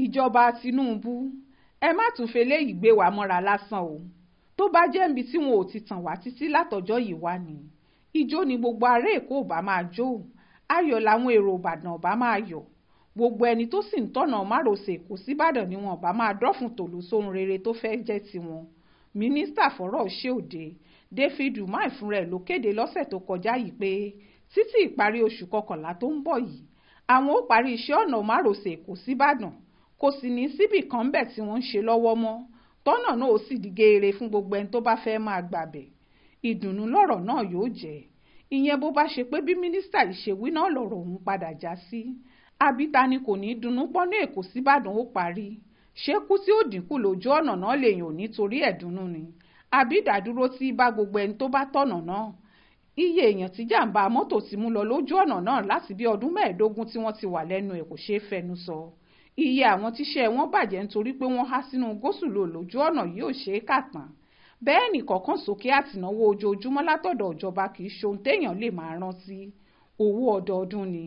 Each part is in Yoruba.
ìjọba Tinubu ẹ má tún feléyìí gbé wa mọ́ra lásán o tó bá jẹ́ níbi tí wọn ò ti tàn wá títí látọjọ́ yìí wá ni ijó ni gbogbo ará Èkó ò bá máa jó ayọ̀ làwọn èrò Ìbàdàn ò máa yọ̀ gbogbo ẹni tó sì ń tọ̀nà márosẹ̀ Èkó síbàdàn ni wọn ò bá máa dọ́fun tòló sóhun rere tó fẹ́ jẹ́ tiwọn mínísítà fọ̀rọ̀ ṣe òde David Umahi fúnra ẹ̀ ló kéde lọ́sẹ̀ tó kọjá yìí pé títí ìparí oṣù kọkànlá tó ń bọ̀ yìí àwọn ó parí iṣẹ́ ọ̀nà márosẹ̀ Èkó síbàdàn kò sì ní síbì kan bẹ̀ tí wọ́n ń ṣe lọ́wọ́ mọ́ tọ́nà náà ó sì di geere fún gbogbo ẹni tó bá fẹ́ máa gbàbẹ̀ ìdùnnú lọ́rọ̀ náà yóò jẹ́ ìyẹn bó bá ṣe pé bí mínísítà yìí ṣe wí náà lọ̀rọ̀ òun padà já sí àbí ni kò ní dunnú pọ́nú èkó síbàdàn ó parí ṣé kú tí ó dínkù lójú ọ̀nà náà lèèyàn ò ní torí ẹ̀dùnnú ni àbí ìdádúró tí bá gbogbo ẹni tó bá tọ̀nà náà iye èèyàn tí jàǹbá mọ́tò ti mú lọ lójú ọ̀nà náà láti bí ọdún mẹ́ẹ̀ẹ́dógún tí wọ́n ti wà lẹ́nu ẹ̀ kò ṣeé fẹnu sọ. So iye àwọn tíṣẹ́ wọn bàjẹ́ nítorí pé wọ́n há sínú gòsùlò lójú ọ̀nà yìí ò ṣeé kà tán bẹ́ẹ̀ ni kọ̀ọ̀kansókè àtìnáwó ojoojúmọ́ látọ̀dọ̀ ìjọba kì í ṣohun téèyàn lè máa rántí owó ọdọọdún ni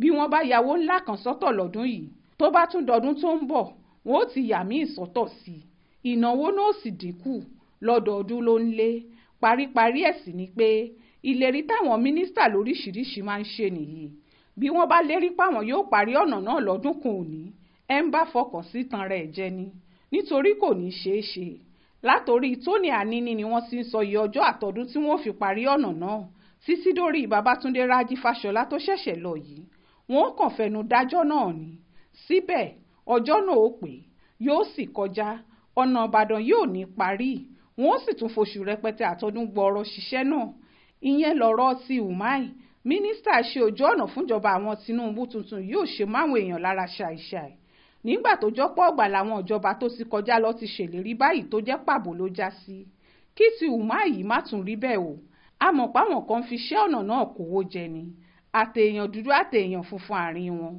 bí wọ́n bá yàwó ńlá kan sọ́tọ̀ lọ́dún yìí tó bá tún dọdún tó ń bọ̀ wọ́n ó ti yà míì sọ́tọ̀ sí i ìnáwó náà sì dínkù lọ́dọọdún ló ń lé paríparí ẹ̀ sì ni pé ìlérí táwọn mínísítà lóríṣìíríṣìí máa ń ṣe nìyí bí wọ́n bá lérí páwọn yóò parí ọ̀nà náà lọ́dún kan òní ẹ ń bá fọkàn sí tanra ẹ̀ jẹ ni nítorí kò ní ṣeé ṣe látòrí tóní àníní ni wọ́n ti ń sọ iye ọjọ́ àtọdún tí wọ́n fi parí ọ̀nà náà títí dórí Babátúndé Rájí Fáṣọlá tó ṣẹ̀ṣẹ̀ lọ yìí wọ́n kàn fẹnu dájọ́ náà ni síbẹ̀ ọjọ́ náà ó pé yóò sì kọjá ọ̀nà Ìbàdàn yóò ní parí wọ́n sì tún foṣù rẹpẹtẹ àtọdún gbọọrọ ṣiṣẹ́ náà ìyẹn lọ̀rọ̀ ti Umahi mínísítà ṣe ojú ọ̀nà fúnjọba àwọn Tinubu tuntun yóò ṣe máwọn èèyàn lára ṣàìṣàì nígbà tó jọ́pọ̀ ọ̀gbà làwọn ìjọba tó ti kọjá lọ ti ṣèlérí báyìí tó jẹ́ pàbó ló já sí kí ti ùmá yìí má tún rí bẹ́ẹ̀ o àmọ́ páwọn kan fi iṣẹ́ ọ̀nà náà kówó jẹ ni àtèèyàn dúdú àtèèyàn funfun àárín wọn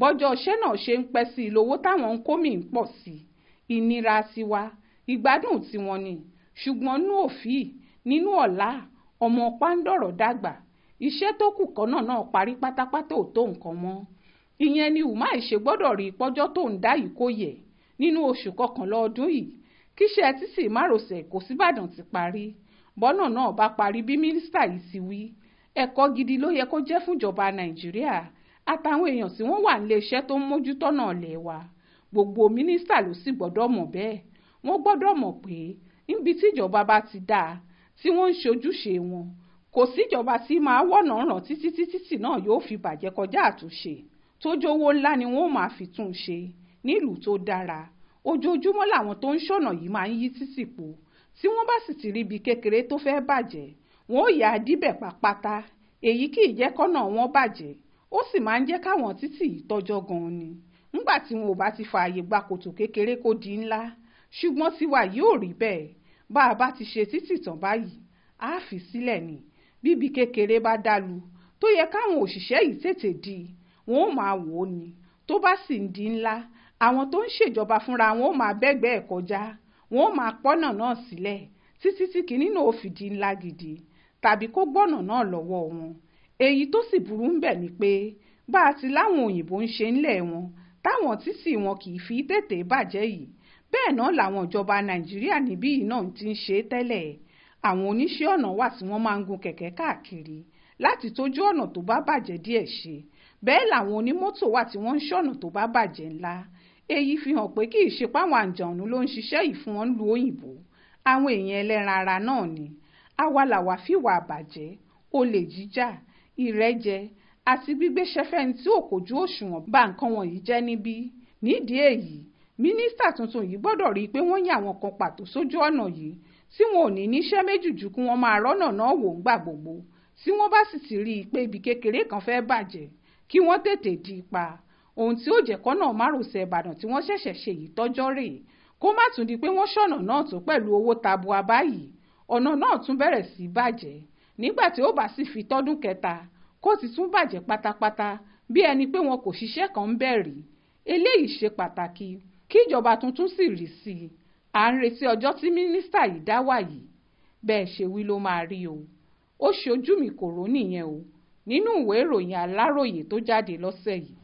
bọ́jọ́ iṣẹ́ náà ṣe ń pẹ́ sí i táwọn ń kó mì ń pọ̀ sí i ìnira tiwa ìgbádùn tiwọn ni ṣùgbọ́n nú òfì nínú ọ̀la ọmọ pàǹdọ̀rọ̀ dàgbà iṣẹ́ tó kù kọ́nà náà parí pátápátá ò tó nǹkan mọ́ ìyẹn ni umar ṣe gbọ́dọ̀ rí pọ́jọ́ tó ń dá yìí kó yẹ nínú oṣù kọkànlá ọdún yìí kíṣẹ́ títì márosẹ̀ kò síbàdàn ti parí bọ́nà náà bá parí bí mínísítà yìí ti wí ẹ̀kọ́ gidi ló yẹ kó jẹ́ fúnjọba nàìjíríà àtàwọn èèyàn tí wọ́n wà níléeṣẹ́ tó ń mójútó náà lẹ̀ wá gbogbo mínísítà ló sì gbọ́dọ̀ mọ̀ bẹ́ẹ̀ wọ́n gbọ́dọ̀ mọ̀ pé níbi tíjọba bá ti dáa tí wọ́n ń ṣojúṣe wọn kò síjọba tí máa wọ̀nà ràn títí títí tì náà yóò fi bàjẹ́ kọjá àtúnṣe tó jówó ńlá ni wọ́n máa fi tún un ṣe nílùú tó dára ojoojúmọ́ làwọn tó ń ṣọ̀nà yìí máa ń yí títì po tí wọ́n bá sì ti rí ibi kékeré tó fẹ́ bàjẹ́ wọn ò yà á díbẹ̀ pàpátá èyí kì í jẹ́ kọ́nà wọn bàjẹ́ ó sì máa ń jẹ́ káwọn títì yìí tọ́jọ́ gan-an ni ńgbà tí wọn ò bá ti fààyè gba kòtò kékeré kó di ńlá ṣùgbọ́n tiwa yìí ò rí bẹ́ẹ̀ bá a bá ti ṣe títì tán báyìí a fi sílẹ̀ ni bíbi kékeré bá dálu tó yẹ káwọn òṣìṣẹ́ yìí tètè di wọn ò máa wò ó ni tó bá sì ń di ńlá àwọn tó ń ṣèjọba fúnra wọn ò máa bẹ́gbẹ́ ẹ̀ kọjá wọn ò máa pọ́nà náà sílẹ̀ títí tí kinní náà ò fi di ńlá gidi tàbí kó gbọ́nà náà lọ́wọ́ wọn èyí tó sì burú ń bẹ̀ ni pé bá a ti láwọn òyìnbó ń ṣe ńlẹ̀ wọn táwọn títì wọn kì í fi tètè bàjẹ́ yìí bẹ́ẹ̀ náà làwọn ìjọba nàìjíríà níbí yìí náà ti ń ṣe tẹ́lẹ̀ àwọn oníṣẹ́ ọ̀nà wà tí wọ́n máa ń gun kẹ̀kẹ́ káàkiri láti tójú ọ̀nà tó bá bàjẹ́ díẹ̀ ṣe bẹ́ẹ̀ làwọn onímọ́tò wà tí wọ́n ń ṣọ̀nà tó bá bàjẹ́ ńlá èyí fi hàn pé kì í ṣe páwọn àǹjànú ló ń ṣiṣẹ́ yìí fún wọn lu òyìnbó àwọn èèyàn ẹlẹ́ran ara náà ni awalàwà fìwà àbàjẹ́ olè jíjà ìrẹ́jẹ àti gbígbé ṣẹfẹ́ni tí ò òṣùwọ̀n bà nǹkan wọ̀nyí jẹ́ níbí nídìí èyí mínísítà tuntun yìí gbọ́dọ̀ rí i pé wọ́n yàn àwọn kan pàtó sójú ọ̀nà yìí tí wọn ò ní níṣẹ́ méjì ju kí wọ́n máa rọ́nà náà wò ńgbà gbogbo tí wọ́n bá sì ti rí i pé ibi kékeré kan fẹ́ bàjẹ́ kí wọ́n tètè dí i pa ohun tí ó jẹ́ kọ́nà márosẹ̀ ìbàdàn tí wọ́n ṣẹ̀ṣẹ̀ ṣe yìí tọ́jọ́ rèé kó má tún di pé wọ́n ṣọ̀nà náà tó pẹ̀lú owó tabua báyìí ọ̀nà náà tún bẹ̀rẹ̀ sí í bàjẹ́ nígbà tí ó bá sì fi tọ́dún kẹta kó ti tún bàjẹ́ pátápátá bí ẹni pé wọn kò ṣiṣẹ́ kan ń bẹ̀rì eléyìí ṣe pàtàkì kí ìjọba tuntun sì rí sí i à ń retí ọjọ́ tí mínísítà yìí dá wà yìí bẹ́ẹ̀ ṣe wí ló máa rí o ó ṣojú mi kò rò nìyẹn o nínú ìwé ìròyìn Aláròyé tó jáde lọ́sẹ̀ yìí